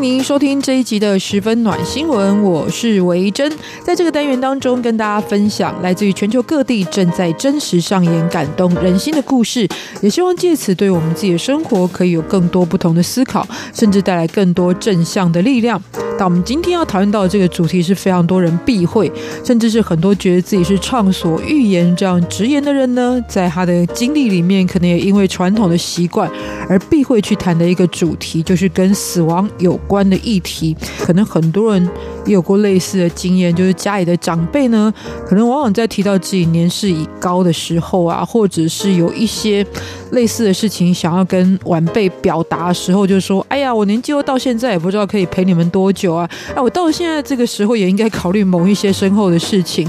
歡迎您收聽這一集的十分暖新聞，我是維珍。在這個單元當中，跟大家分享來自於全球各地正在真實上演感動人心的故事，也希望借此對我們自己的生活可以有更多不同的思考，甚至帶來更多正向的力量。但我們今天要討論到的這個主題是非常多人避諱，甚至是很多覺得自己是暢所欲言這樣直言的人呢，在他的經歷裡面，可能也因為傳統的習慣而避諱去談的一個主題，就是跟死亡有關的議題，可能很多人。也有過類似的經驗，就是家裡的長輩呢，可能往往在提到自己年事已高的時候啊，或者是有一些類似的事情想要跟晚輩表達的時候，就說：“哎呀，我年紀到現在也不知道可以陪你們多久啊，哎，我到現在這個時候也應該考慮某一些身後的事情。”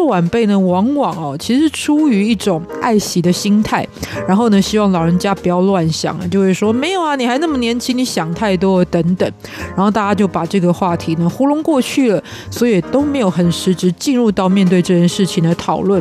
這晚輩呢，往往哦，其實出於一種愛惜的心態，然後呢，希望老人家不要亂想，就會說沒有啊，你還那麼年輕，你想太多等等，然後大家就把這個話題呢糊弄過去了，所以也都沒有很實質進入到面對這件事情的討論。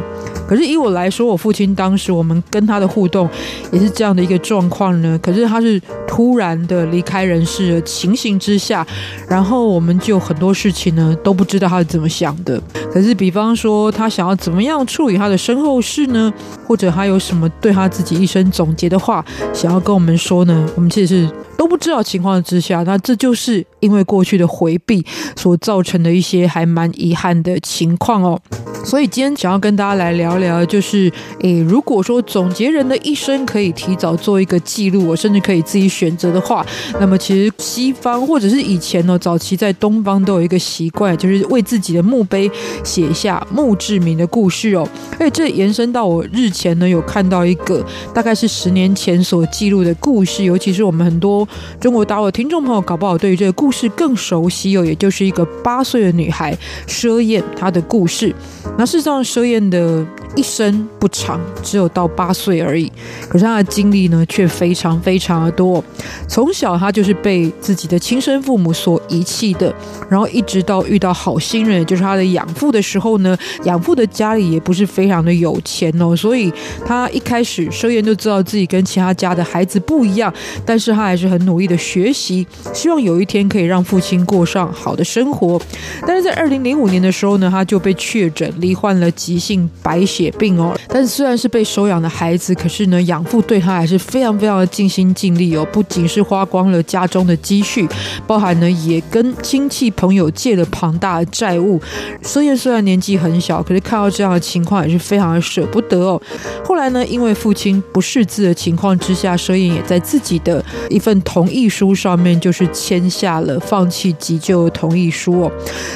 可是以我來說，我父親當時我們跟他的互動也是這樣的一個狀況呢。可是他是突然的離開人世的情形之下，然後我們就很多事情呢都不知道他是怎麼想的。可是比方說他想要怎麼樣處理他的身後事呢，或者他有什麼對他自己一生總結的話想要跟我們說呢，我們其實是。都不知道情況之下，那這就是因為過去的回避所造成的一些還蠻遺憾的情況哦。所以今天想要跟大家來聊一聊，就是誒，如果說總結人的一生可以提早做一個記錄，我甚至可以自己選擇的話，那麼其實西方或者是以前呢，早期在東方都有一個習慣，就是為自己的墓碑寫下墓誌銘的故事哦。誒，這延伸到我日前呢有看到一個，大概是十年前所記錄的故事，尤其是我們很多。中國大陸聽眾朋友，搞不好對於這個故事更熟悉哦，也就是一個八歲的女孩，佘艷她的故事。那事實上，佘艷的。一生不長，只有到八歲而已。可是他的經歷呢，卻非常非常的多。從小他就是被自己的親生父母所遺棄的，然後一直到遇到好心人，就是他的養父的時候呢，養父的家裡也不是非常的有錢哦，所以他一開始收養就知道自己跟其他家的孩子不一樣，但是他還是很努力的學習，希望有一天可以讓父親過上好的生活。但是在二零零五年的時候呢，他就被確診罹患了急性白血。病哦，但是雖然是被收養的孩子，可是呢，養父對他還是非常非常的盡心盡力哦。不僅是花光了家中的積蓄，包含呢，也跟親戚朋友借了龐大的債務。孫燕雖然年紀很小，可是看到這樣的情況也是非常的捨不得哦。後來呢，因為父親不識字的情況之下，孫燕也在自己的一份同意書上面就是簽下了放棄急救的同意書哦。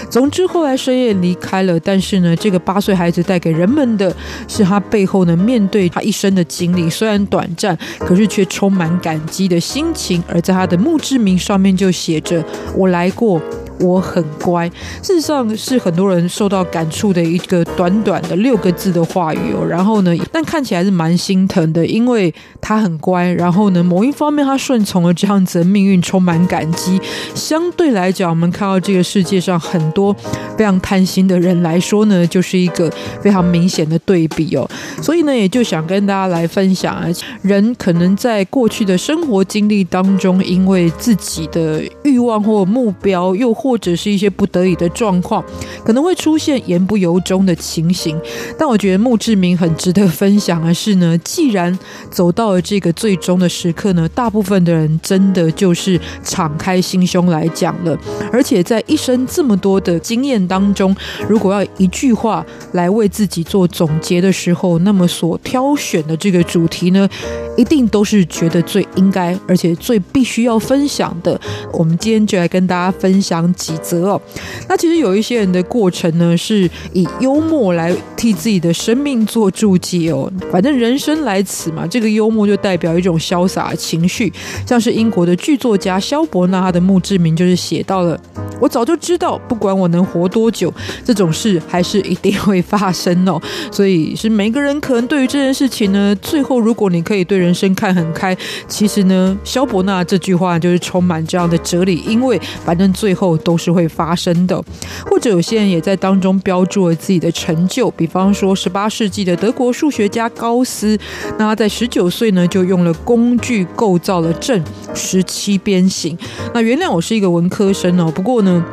總之後來孫燕離開了，但是呢，這個八歲孩子帶給人們的。是他背後呢，面對他一生的經歷，雖然短暫，可是卻充滿感激的心情。而在他的墓誌銘上面就寫着：“我來過。”我很乖，事實上是很多人受到感觸的一個短短的六個字的話語哦。然後呢，但看起來是蠻心疼的，因為他很乖。然後呢，某一方面他順從了這樣子的命運，充滿感激。相對來講，我們看到這個世界上很多非常貪心的人來說呢，就是一個非常明顯的對比哦。所以呢，也就想跟大家來分享啊，人可能在過去的生活經歷當中，因為自己的欲望或目標又或者是一些不得已的狀況，可能會出現言不由衷的情形。但我覺得墓誌銘很值得分享的是呢，既然走到了這個最終的時刻呢，大部分的人真的就是敞開心胸來講了。而且在一生這麼多的經驗當中，如果要一句話來為自己做總結的時候，那麼所挑選的這個主題呢，一定都是覺得最應該而且最必須要分享的。我們今天就來跟大家分享。幾則哦，那其實有一些人的過程呢，是以幽默來替自己的生命做注解哦。反正人生來此嘛，這個幽默就代表一種瀟灑情緒，像是英國的劇作家蕭伯納，他的墓誌銘就是寫到了：“我早就知道，不管我能活多久，這種事還是一定會發生哦。”所以是每個人可能對於這件事情呢，最後如果你可以對人生看很開，其實呢，蕭伯納這句話就是充滿這樣的哲理，因為反正最後。都是會發生的，或者有些人也在當中標註了自己的成就，比方說十八世紀的德國數學家高斯，那他在十九歲呢就用了工具構造了正十七邊形。那原諒我是一個文科生哦，不過呢，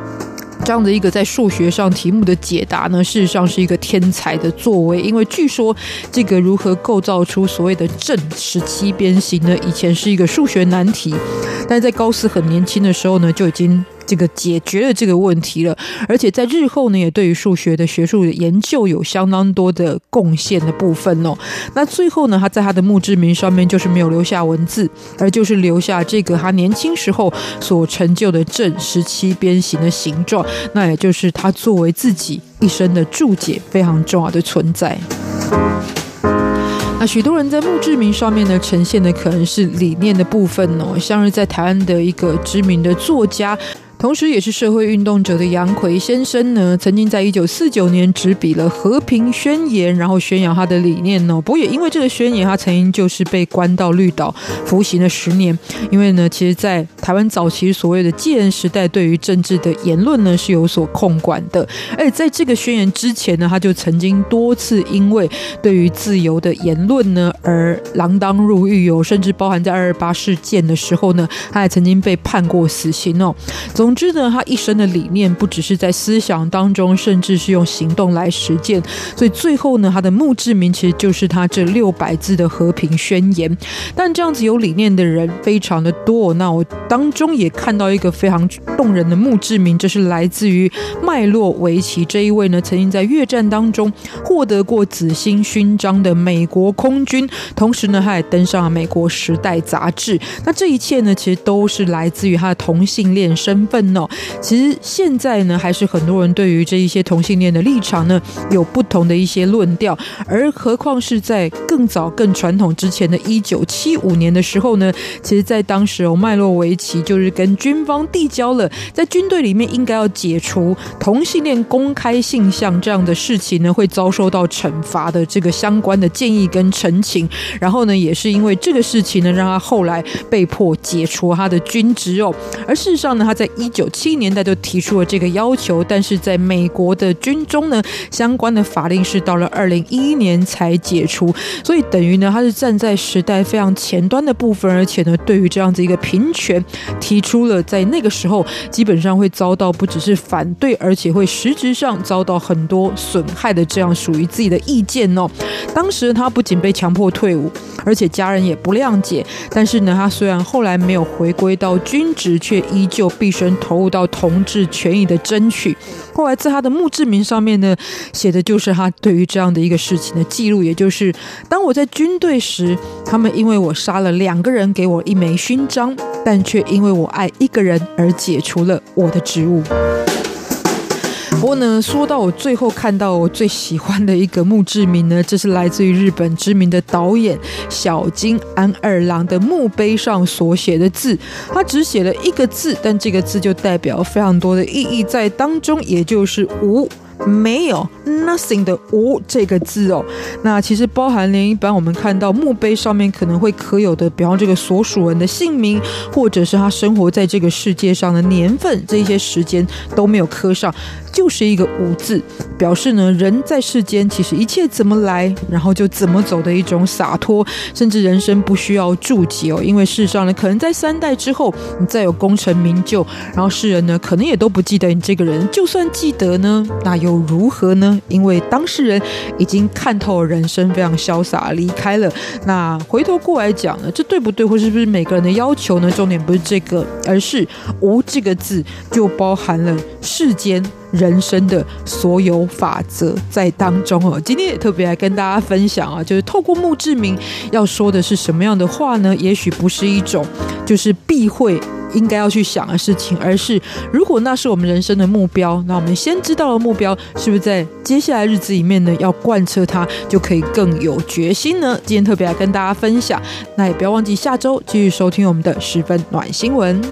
這樣的一個在數學上題目的解答呢，事實上是一個天才的作為，因為據說這個如何構造出所謂的正十七邊形呢，以前是一個數學難題，但是在高斯很年輕的時候呢，就已經。這個解決了這個問題了，而且在日後呢，也對於數學的學術研究有相當多的貢獻的部分哦。那最後呢，他在他的墓誌銘上面就是沒有留下文字，而就是留下這個他年輕時候所成就的正十七邊形的形狀，那也就是他作為自己一生的註解非常重要的存在。那許多人在墓誌銘上面呢，呈現的可能是理念的部分哦，像是在台灣的一個知名的作家，同時，也是社會運動者的楊逵先生呢，曾經在一九四九年執筆了《和平宣言》，然後宣揚他的理念哦。不過，也因為這個宣言，他曾經就是被關到綠島服刑了十年。因為呢，其實，在台灣早期所謂的戒嚴時代，對於政治的言論呢是有所控管的。而且，在這個宣言之前呢，他就曾經多次因為對於自由的言論呢而鋃鐺入獄哦，甚至包含在二二八事件的時候呢，他也曾經被判過死刑哦。總之呢，他一生的理念不只是在思想當中，甚至是用行動來實踐。所以最後呢，他的墓誌銘其實就是他這六百字的和平宣言。但這樣子有理念的人非常的多。那我當中也看到一個非常動人的墓誌銘，就是來自於麥洛維奇這一位呢，曾經在越戰當中獲得過紫心勳章的美國空軍。同時呢，他也登上了《美國時代》雜誌。那這一切呢，其實都是來自於他的同性戀身份。其實現在呢，還是很多人對於這一些同性戀的立場呢，有不同的一些論調。而何況是在更早、更傳統之前的一九七五年的時候呢，其實，在當時哦，麥洛維奇就是跟軍方遞交了在軍隊裡面應該要解除同性戀公開性向這樣的事情呢，會遭受到懲罰的這個相關的建議跟陳情。然後呢，也是因為這個事情呢，讓他後來被迫解除他的軍職哦。而事實上呢，他在一九七年代就提出了這個要求，但是在美國的軍中呢，相關的法令是到了二零一一年才解除，所以等於呢，他是站在時代非常前端的部分，而且呢，對於這樣子一個平權，提出了在那個時候基本上會遭到不只是反對，而且會實質上遭到很多損害的這樣屬於自己的意見哦。當時他不僅被強迫退伍。而且家人也不諒解，但是呢，他雖然後來沒有回歸到軍職，卻依舊畢生投入到同志權益的爭取。後來在他的墓誌銘上面呢，寫的就是他對於這樣的一個事情的記錄，也就是當我在軍隊時，他們因為我殺了兩個人給我一枚勳章，但卻因為我愛一個人而解除了我的職務。不過呢，說到我最後看到我最喜歡的一個墓誌銘呢，這是來自於日本知名的導演小津安二郎的墓碑上所寫的字。他只寫了一個字，但這個字就代表非常多的意義在當中，也就是無、沒有，nothing 的無這個字哦。那其實包含連一般我們看到墓碑上面可能會刻有的，比方這個所屬人的姓名，或者是他生活在這個世界上的年份，這一些時間都沒有刻上。就是一個無字，表示呢，人在世間，其實一切怎麼來，然後就怎麼走的一種灑脫，甚至人生不需要註解哦，因為事實上呢，可能在三代之後，你再有功成名就，然後世人呢，可能也都不記得你這個人，就算記得呢，那又如何呢？因為當事人已經看透人生，非常瀟灑離開了。那回頭過來講呢，這對不對，或是不是每個人的要求呢？重點不是這個，而是無這個字，就包含了世間。人生的所有法則在當中哦。今天也特別來跟大家分享啊，就是透過墓誌銘要說的是什麼樣的話呢？也許不是一種就是避諱應該要去想的事情，而是如果那是我們人生的目標，那我們先知道的目標是不是在接下來日子裡面呢，要貫徹它就可以更有決心呢？今天特別來跟大家分享，那也不要忘記下周繼續收聽我們的十分暖新聞。